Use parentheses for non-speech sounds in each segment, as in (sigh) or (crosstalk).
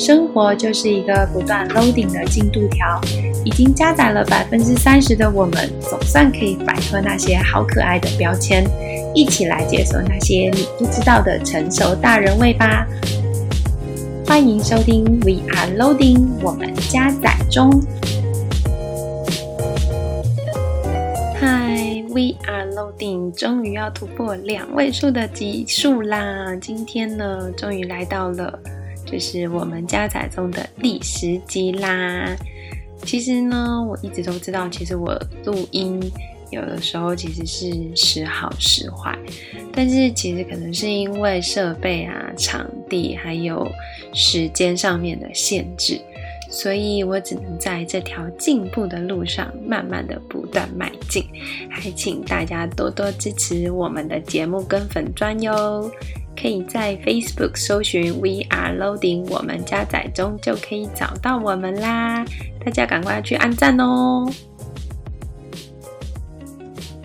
生活就是一個不斷 loading 的進度條，已經加載了百分之三十的我們，總算可以擺脫那些好可愛的標籤，一起來解鎖那些你不知道的成熟大人味吧！歡迎收聽 We Are Loading，我們加載中。Hi，We Are Loading，終於要突破兩位數的集數啦！今天呢，終於來到了。就是我們加載中的第十集啦。其實呢，我一直都知道，其實我錄音有的時候其實是時好時壞，但是其實可能是因為設備啊、場地還有時間上面的限制，所以我只能在這條進步的路上慢慢的不斷邁進。還請大家多多支持我們的節目跟粉專喲。可以在 Facebook 搜尋 "We are loading"，我們加載中就可以找到我們啦！大家趕快去按讚哦！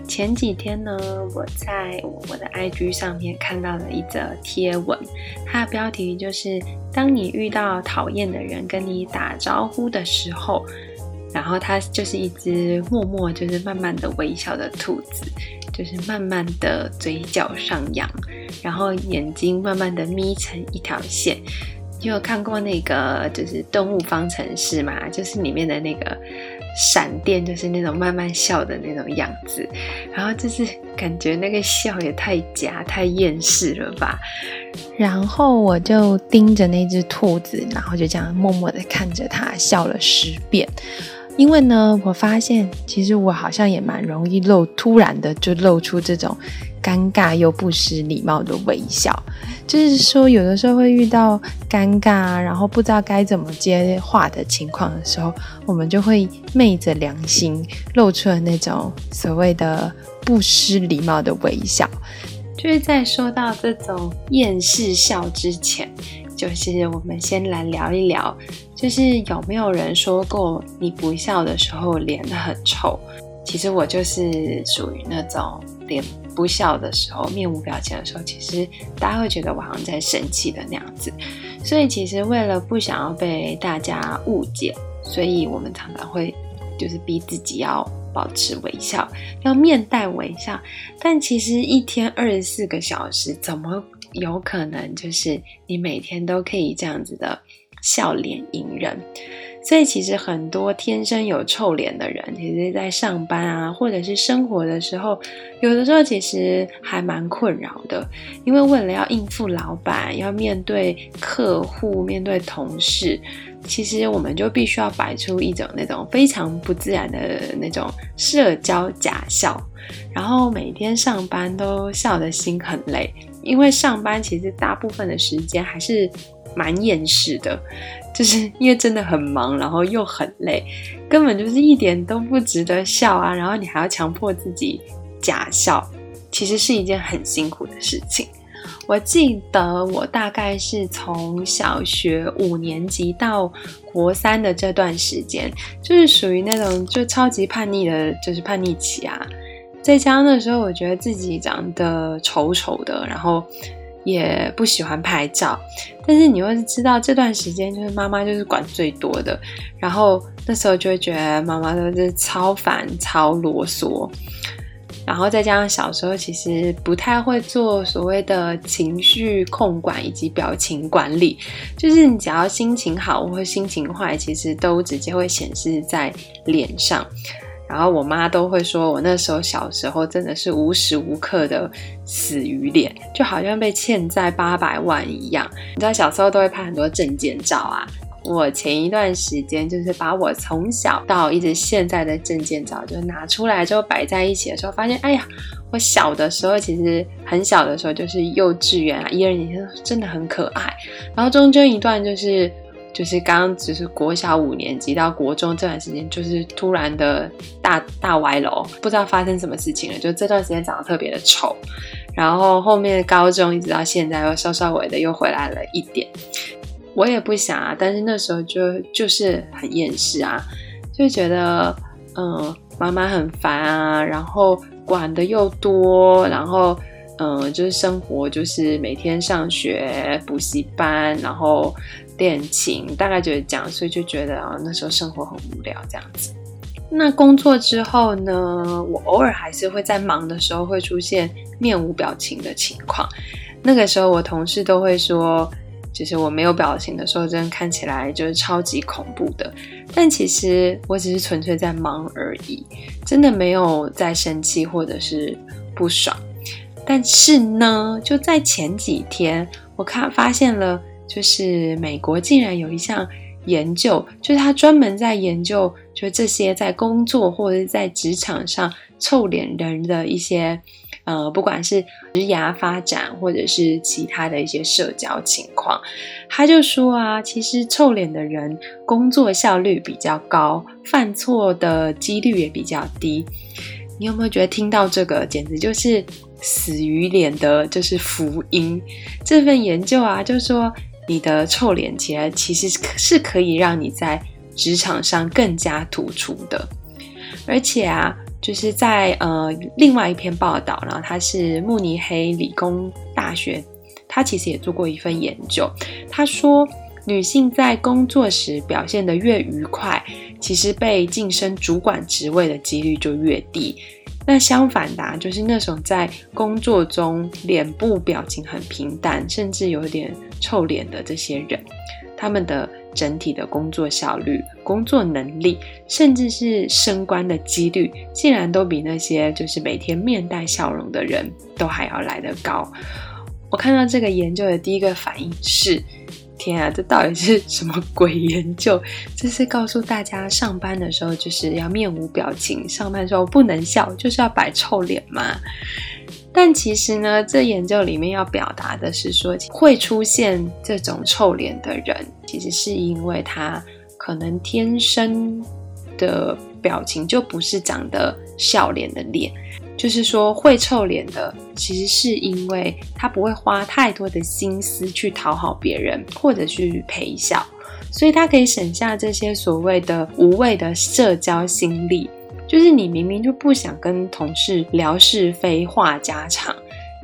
前幾天呢，我在我的 IG 上面看到了一則貼文，它的標題就是：當你遇到討厭的人跟你打招呼的時候，然後它就是一只默默就是慢慢的微笑的兔子，就是慢慢的嘴角上揚。然後眼睛慢慢的眯成一條線，你有看過那個就是動物方程式嘛？就是裡面的那個閃電，就是那種慢慢笑的那種樣子。然後就是感覺那個笑也太假、太厭世了吧。然後我就盯着那隻兔子，然後就這樣默默的看着它笑了十遍。因為呢，我發現其實我好像也蠻容易露，突然的就露出這種尷尬又不失禮貌的微笑。就是說，有的時候會遇到尷尬，然後不知道該怎麼接話的情況的時候，我們就會昧着良心露出了那種所謂的不失禮貌的微笑。就是在說到這種厭世笑之前，就是我們先來聊一聊。就是有沒有人說過你不笑的時候臉很臭？其實我就是屬於那種臉不笑的時候，面無表情的時候，其實大家會覺得我好像在生氣的那樣子。所以其實為了不想要被大家誤解，所以我們常常會就是逼自己要保持微笑，要面帶微笑。但其實一天二十四個小時，怎麼有可能就是你每天都可以這樣子的？笑臉迎人，所以其實很多天生有臭臉的人，其實在上班啊，或者是生活的時候，有的時候其實還蠻困擾的，因為為了要應付老闆，要面對客戶，面對同事，其實我們就必須要擺出一種那種非常不自然的那種社交假笑，然後每天上班都笑得心很累，因為上班其實大部分的時間還是。蠻厭世的，就是因為真的很忙，然後又很累，根本就是一點都不值得笑啊！然後你還要強迫自己假笑，其實是一件很辛苦的事情。我記得我大概是從小學五年級到國三的這段時間，就是屬於那種就超級叛逆的，就是叛逆期啊。再加上那時候我覺得自己長得醜醜的，然後。也不喜歡拍照，但是你會知道這段時間就是媽媽就是管最多的，然後那時候就會覺得媽媽都是超煩超囉嗦，然後再加上小時候其實不太會做所謂的情緒控管以及表情管理，就是你只要心情好或心情壞，其實都直接會顯示在臉上。然後我媽都會說，我那時候小時候真的是無時無刻的死魚臉，就好像被欠債八百萬一樣。你知道小時候都會拍很多證件照啊。我前一段時間就是把我從小到一直現在的證件照就拿出來之後擺在一起的時候，發現，哎呀，我小的時候其實很小的時候就是幼稚園啊，一二年級真的很可愛。然後中間一段就是。就是剛只是國小五年級到國中這段時間，就是突然的大大歪樓，不知道發生什麼事情了。就這段時間長得特別的醜，然後後面高中一直到現在又稍稍微的又回來了一點。我也不想啊，但是那時候就就是很厭世啊，就覺得，嗯，媽媽很煩啊，然後管得又多，然後嗯，就是生活就是每天上學補習班，然後。戀情大概就是這樣，所以就覺得啊，那時候生活很無聊這樣子。那工作之後呢，我偶爾還是會在忙的時候會出現面無表情的情況。那個時候我同事都會說，就是我沒有表情的時候，真的看起來就是超級恐怖的。但其實我只是純粹在忙而已，真的沒有在生氣或者是不爽。但是呢，就在前幾天，我看發現了。就是美國竟然有一項研究，就是他專門在研究，就這些在工作或者是在職場上臭臉人的一些，呃，不管是職涯發展或者是其他的一些社交情況，他就說啊，其實臭臉的人工作效率比較高，犯錯的幾率也比較低。你有沒有覺得聽到這個簡直就是死魚臉的就是福音？這份研究啊，就說。你的臭臉其實其實是可以讓你在職場上更加突出的，而且啊，就是在呃另外一篇報道，然後他是慕尼黑理工大學，他其實也做過一份研究，他說女性在工作時表現得越愉快，其實被晉升主管職位的幾率就越低。那相反的啊，就是那種在工作中臉部表情很平淡，甚至有點臭臉的這些人，他們的整體的工作效率、工作能力，甚至是升官的幾率，竟然都比那些就是每天面帶笑容的人都還要來得高。我看到這個研究的第一個反應是。天啊，這到底是什麼鬼研究？這是告訴大家，上班的時候就是要面無表情，上班的時候不能笑，就是要擺臭臉嗎？但其實呢，這研究裡面要表達的是說，會出現這種臭臉的人，其實是因為他可能天生的表情就不是長得笑臉的臉。就是說，會臭臉的，其實是因為他不會花太多的心思去討好別人，或者去陪笑，所以他可以省下這些所謂的無謂的社交心力。就是你明明就不想跟同事聊是非、話家常。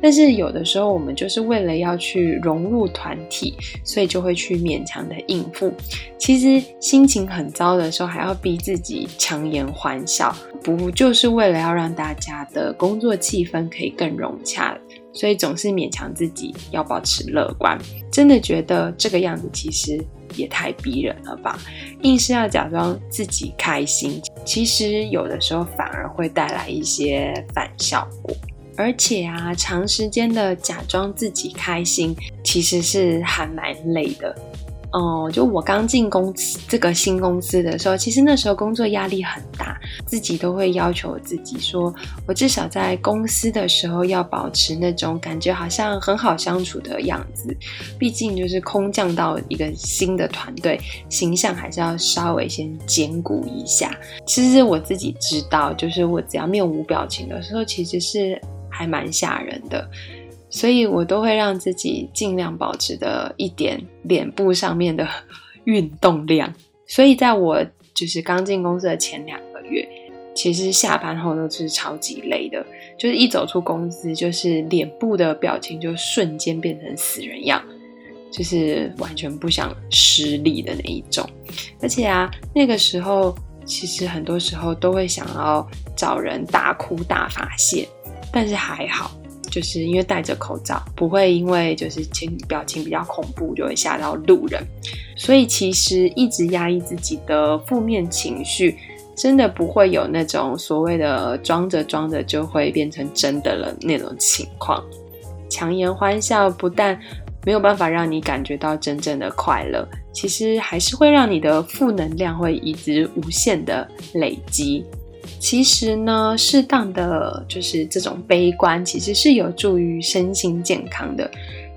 但是有的時候，我們就是為了要去融入團體，所以就會去勉強的應付。其實心情很糟的時候，還要逼自己強顏歡笑，不就是為了要讓大家的工作氣氛可以更融洽？所以總是勉強自己要保持樂觀，真的覺得這個樣子其實也太逼人了吧？硬是要假裝自己開心，其實有的時候反而會帶來一些反效果。而且啊，長時間的假裝自己開心，其實是還蠻累的。哦、嗯，就我剛進公司這個新公司的時候，其實那時候工作壓力很大，自己都會要求自己說，我至少在公司的時候要保持那種感覺，好像很好相處的樣子。畢竟就是空降到一個新的團隊，形象還是要稍微先兼顧一下。其實我自己知道，就是我只要面無表情的時候，其實是。還蠻嚇人的，所以我都會讓自己盡量保持的一點臉部上面的 (laughs) 運動量。所以在我就是剛進公司的前兩個月，其實下班後都是超級累的，就是一走出公司，就是臉部的表情就瞬間變成死人樣，就是完全不想施力的那一種。而且啊，那個時候其實很多時候都會想要找人大哭大發洩。但是還好，就是因為戴着口罩，不會因為就是情表情比較恐怖，就會嚇到路人。所以其實一直壓抑自己的負面情緒，真的不會有那種所謂的裝着裝着就會變成真的了那種情況。強顏歡笑不但沒有辦法讓你感覺到真正的快樂，其實還是會讓你的負能量會一直無限的累積。其實呢，適當的就是這種悲觀，其實是有助於身心健康的。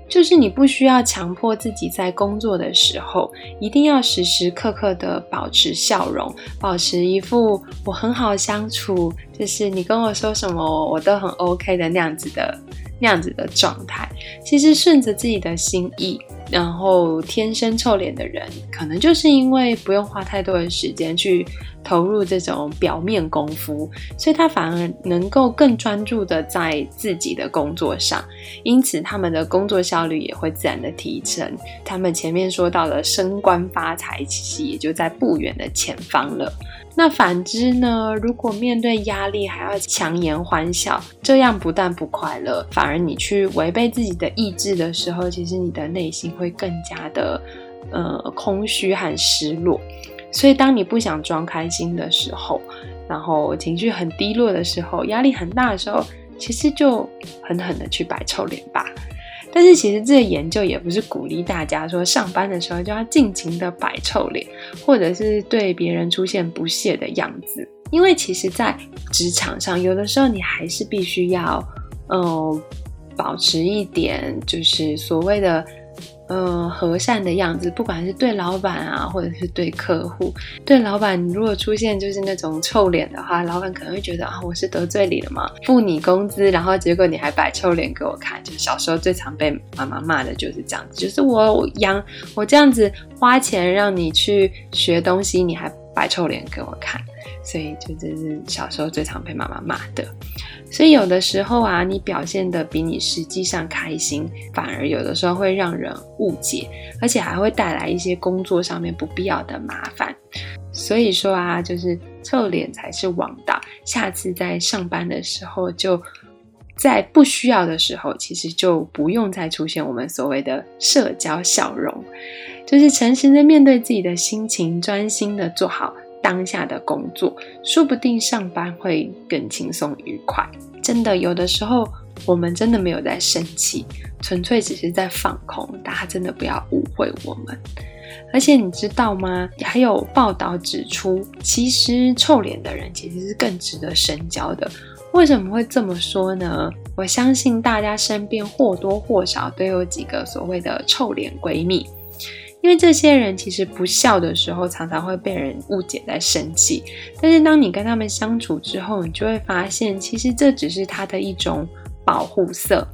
就是你不需要強迫自己在工作的時候，一定要時時刻刻的保持笑容，保持一副我很好相處，就是你跟我說什麼我都很 OK 的那樣子的那樣子的狀態。其實順着自己的心意。然後，天生臭臉的人，可能就是因為不用花太多的時間去投入這種表面功夫，所以他反而能夠更專注的在自己的工作上，因此他們的工作效率也會自然的提升。他們前面說到了升官發財，其實也就在不遠的前方了。那反之呢？如果面對壓力還要強顏歡笑，這樣不但不快樂，反而你去違背自己的意志的時候，其實你的內心會更加的呃空虛和失落。所以，當你不想裝開心的時候，然後情緒很低落的時候，壓力很大的時候，其實就狠狠的去擺臭臉吧。但是其實這個研究也不是鼓勵大家說，上班的時候就要盡情的擺臭臉，或者是對別人出現不屑的樣子，因為其實，在職場上，有的時候你還是必須要，呃，保持一點就是所謂的。嗯、呃，和善的樣子，不管是對老闆啊，或者是對客戶。對老闆，如果出現就是那種臭臉的話，老闆可能會覺得啊、哦，我是得罪你了嘛，付你工資，然後結果你還擺臭臉給我看。就小時候最常被媽媽罵的就是這樣子，就是我養，我這樣子花錢讓你去學東西，你還擺臭臉給我看。所以就這是小時候最常被媽媽罵的，所以有的時候啊，你表現得比你實際上開心，反而有的時候會讓人誤解，而且還會帶來一些工作上面不必要的麻煩。所以說啊，就是臭臉才是王道。下次在上班的時候就，就在不需要的時候，其實就不用再出現我們所謂的社交笑容，就是誠實的面對自己的心情，專心的做好，當下的工作，說不定上班會更輕鬆愉快。真的，有的時候我們真的沒有在生氣，純粹只是在放空。大家真的不要誤會我們。而且你知道嗎？還有報道指出，其實臭臉的人其實是更值得深交的。為什麼會這麼說呢？我相信大家身邊或多或少都有幾個所謂的臭臉閨蜜。因為這些人其實不笑的時候，常常會被人誤解在生氣。但是當你跟他們相處之後，你就會發現，其實這只是他的一種保護色。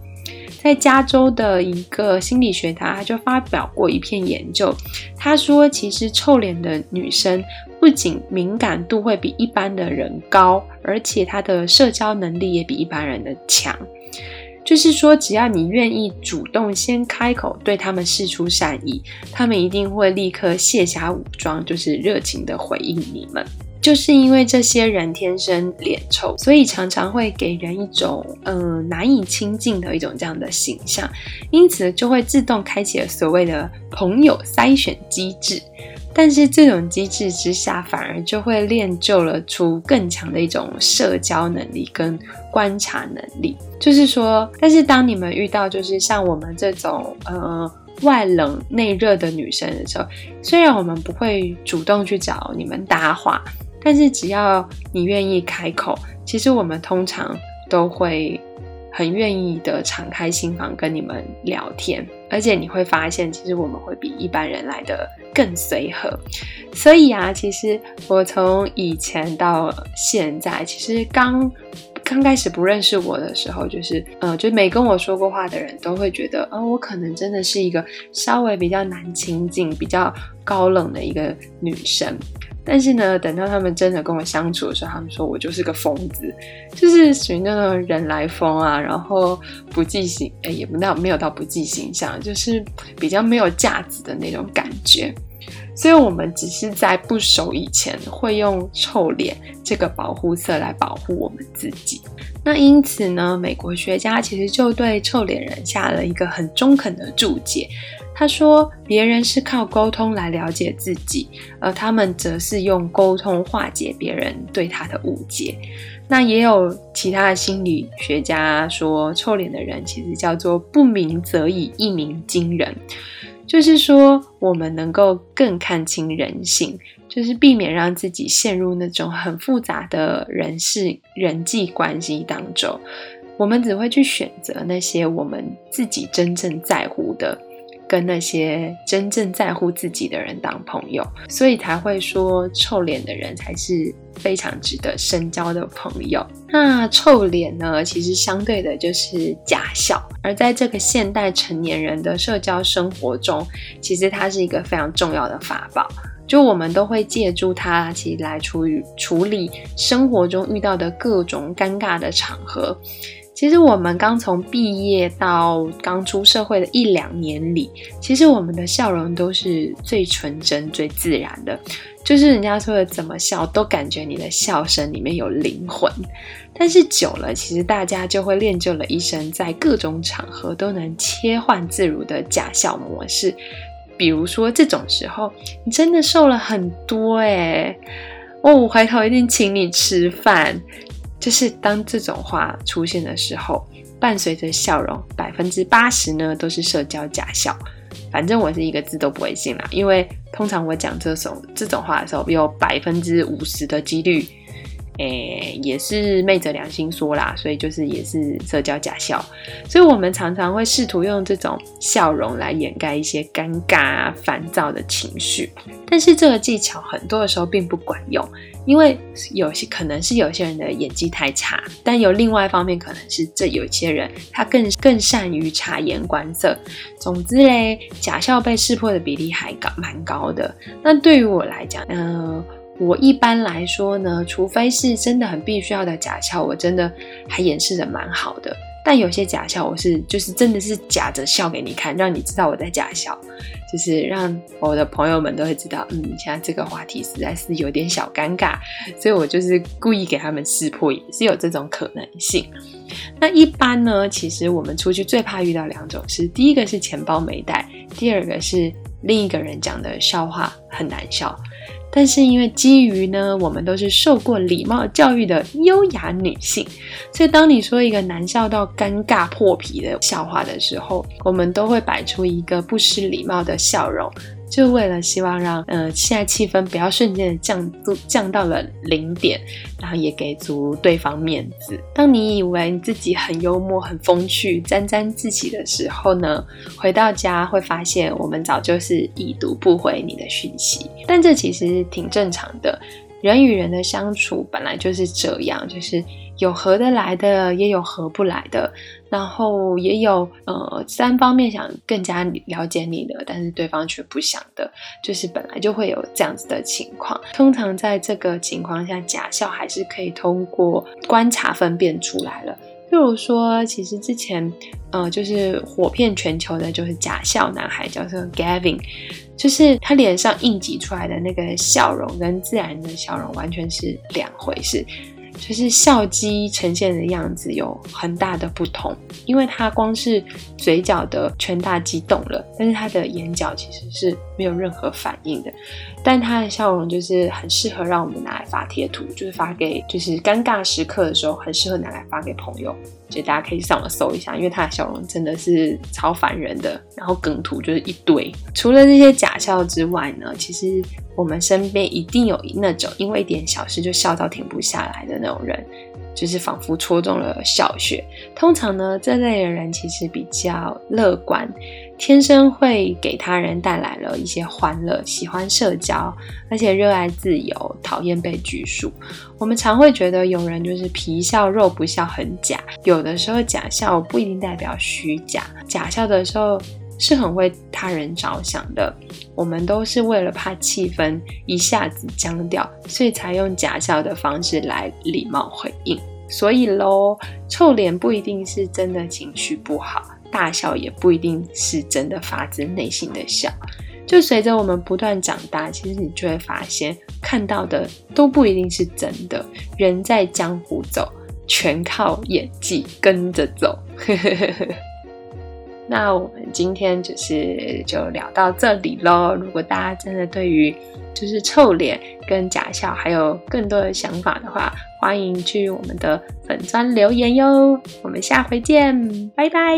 在加州的一個心理學家他就發表過一篇研究，他說，其實臭臉的女生不僅敏感度會比一般的人高，而且她的社交能力也比一般人的強。就是說，只要你願意主動先開口，對他們釋出善意，他們一定會立刻卸下武裝，就是熱情地回應你們。就是因為這些人天生臉臭，所以常常會給人一種呃難以親近的一種這樣的形象，因此就會自動開啟了所謂的朋友篩選機制。但是這種機制之下，反而就會練就了出更強的一種社交能力跟觀察能力。就是說，但是當你們遇到就是像我們這種呃外冷內熱的女生的時候，雖然我們不會主動去找你們搭話。但是只要你願意開口，其實我們通常都會很願意的敞開心房跟你們聊天，而且你會發現，其實我們會比一般人來得更隨和。所以啊，其實我從以前到現在，其實剛剛開始不認識我的時候，就是呃，就沒跟我說過話的人都會覺得，哦，我可能真的是一個稍微比較難親近，比較高冷的一個女生。但是呢，等到他們真的跟我相處的時候，他們說我就是個瘋子，就是屬於那種人來瘋啊，然後不計形，欸，也不到沒有到不計形象，就是比較沒有架子的那種感覺。所以，我們只是在不熟以前會用臭臉這個保護色來保護我們自己。那因此呢，美國學家其實就對臭臉人下了一個很中肯的注解。他說：“別人是靠溝通來了解自己，而他們則是用溝通化解別人對他的誤解。”那也有其他的心理學家說，臭臉的人其實叫做“不鳴則已，一鳴驚人”，就是說我們能夠更看清人性，就是避免讓自己陷入那種很複雜的人事、人際關係當中。我們只會去選擇那些我們自己真正在乎的。跟那些真正在乎自己的人當朋友，所以才會說臭臉的人才是非常值得深交的朋友。那臭臉呢，其實相對的就是假笑，而在這個現代成年人的社交生活中，其實它是一個非常重要的法寶。就我們都會借助它，其實來處理處理生活中遇到的各種尷尬的場合。其實我們剛從畢業到剛出社會的一兩年裡，其實我們的笑容都是最純真、最自然的，就是人家說的怎麼笑都感覺你的笑聲裡面有靈魂。但是久了，其實大家就會練就了一身在各種場合都能切換自如的假笑模式。比如說這種時候，你真的瘦了很多哎、欸，哦，我回頭一定請你吃飯。就是當這種話出現的時候，伴隨着笑容，百分之八十呢都是社交假笑。反正我是一個字都不會信啦，因為通常我講這種這種話的時候，有百分之五十的幾率，誒，也是昧着良心說啦，所以就是也是社交假笑。所以我們常常會試圖用這種笑容來掩蓋一些尷尬、啊、煩躁的情緒，但是這個技巧很多的時候並不管用。因為有些可能是有些人的演技太差，但有另外一方面，可能是這有些人他更更善於察言觀色，總之嘞，假笑被識破的比例還高蠻高的。那對於我來講，呃，我一般來說呢，除非是真的很必須要的假笑，我真的還掩飾的蠻好的。但有些假笑，我是就是真的是假着笑給你看，讓你知道我在假笑。就是讓我的朋友們都會知道，嗯，現在這個話題實在是有點小尷尬，所以我就是故意給他們識破，也是有這種可能性。那一般呢，其實我們出去最怕遇到兩種事：第一個是錢包沒帶，第二個是另一個人講的笑話很難笑。但是因為基於呢，我們都是受過禮貌教育的優雅女性，所以當你說一個難笑到尷尬破皮的笑話的時候，我們都會擺出一個不失禮貌的笑容。就為了希望讓呃現在氣氛不要瞬間的降都降到了零點，然後也給足對方面子。當你以為你自己很幽默、很風趣、沾沾自喜的時候呢，回到家會發現我們早就是已讀不回你的訊息。但這其實挺正常的。人與人的相處本來就是這樣，就是有合得來的，也有合不來的，然後也有呃，三方面想更加了解你的，但是對方卻不想的，就是本來就會有這樣子的情況。通常在這個情況下，假笑還是可以通過觀察分辨出來的。譬如說，其實之前，呃，就是火遍全球的，就是假笑男孩，叫做 Gavin，就是他臉上硬擠出來的那個笑容，跟自然的笑容完全是兩回事。就是笑肌呈現的樣子有很大的不同，因為它光是嘴角的顴大肌動了，但是它的眼角其實是沒有任何反應的。但它的笑容就是很適合讓我們拿來發貼圖，就是發給就是尷尬時刻的時候，很適合拿來發給朋友。大家可以上網搜一下，因為他的笑容真的是超煩人的，然後梗圖就是一堆。除了這些假笑之外呢，其實我們身邊一定有那種因為一點小事就笑到停不下來的那種人，就是仿佛戳中了笑穴。通常呢，這類的人其實比較樂觀。天生會給他人帶來了一些歡樂，喜歡社交，而且熱愛自由，討厭被拘束。我們常會覺得有人就是皮笑肉不笑，很假。有的時候假笑不一定代表虛假，假笑的時候是很為他人着想的。我們都是為了怕氣氛一下子僵掉，所以才用假笑的方式來禮貌回應。所以嘍，臭臉不一定是真的情緒不好。大笑也不一定是真的發自內心的笑，就隨着我們不斷長大，其實你就會發現，看到的都不一定是真的。人在江湖走，全靠演技跟着走。 (laughs) 那我們今天就是就聊到這裡嘍。如果大家真的對於就是臭臉跟假笑還有更多的想法的話，歡迎去我們的粉專留言喲。我們下回見，拜拜。